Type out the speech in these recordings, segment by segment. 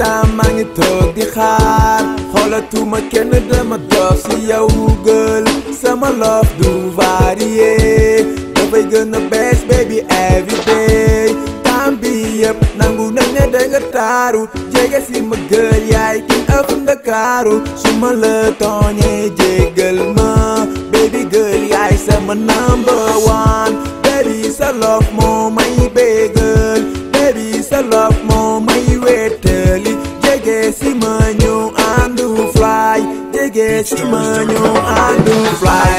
temps maa ngi toog di xaar xoolatuma kenn dama dox si yow Google sama love du varié dafay gën a bees baby every day temps bi yëpp nangu nañ ne taaru jege si ma gël yaay ki ëpp ndakaaru su ma la tooñee jéggal ma baby girl yaay sama number one baby sa love moo jege si ma ñëw àndu fly jege si ma ñëw àndu fly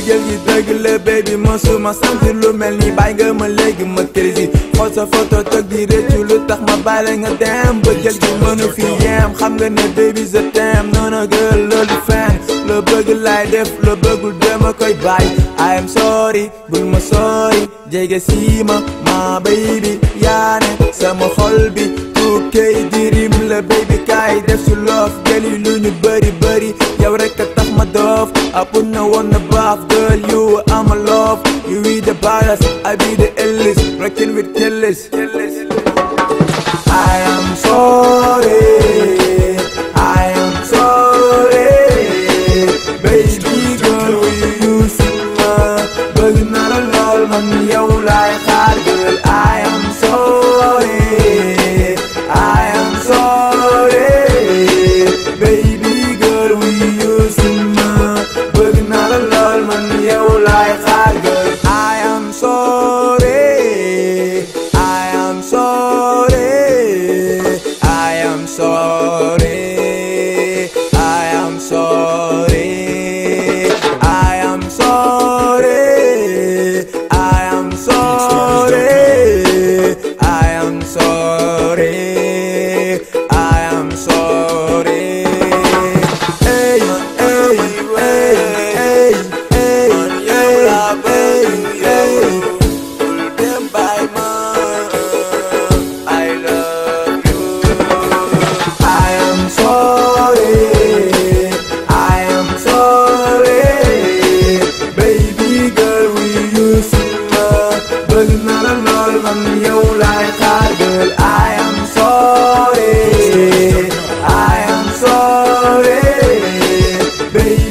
mbëggeel gi dëgg la baby mësuma sentir lu mel ni bàyyi nga ma léegi ma crazy xool sa photo toog di réccu lu tax ma bàyyi nga dem mbëggeel gi mënu fi yem xam nga ne baby je t'aime non non girl loolu fen lo bëgg laay def lo bëggul dama koy bàyyi I am sorry bul ma sorry jege sii ma ma baby yaa ne sama xol bi tukkee dirim la baby kaay def su loof gëli lu ñu bëri bëri yow rek a tax ma doof apun na woon na baaf love, you read I be the illest, wrecking with killers. I am sorry, I am sorry, baby girl, we used to love, but not at all, man, yo, like hard girl, I am sorry. man yow laay xaar I am so baby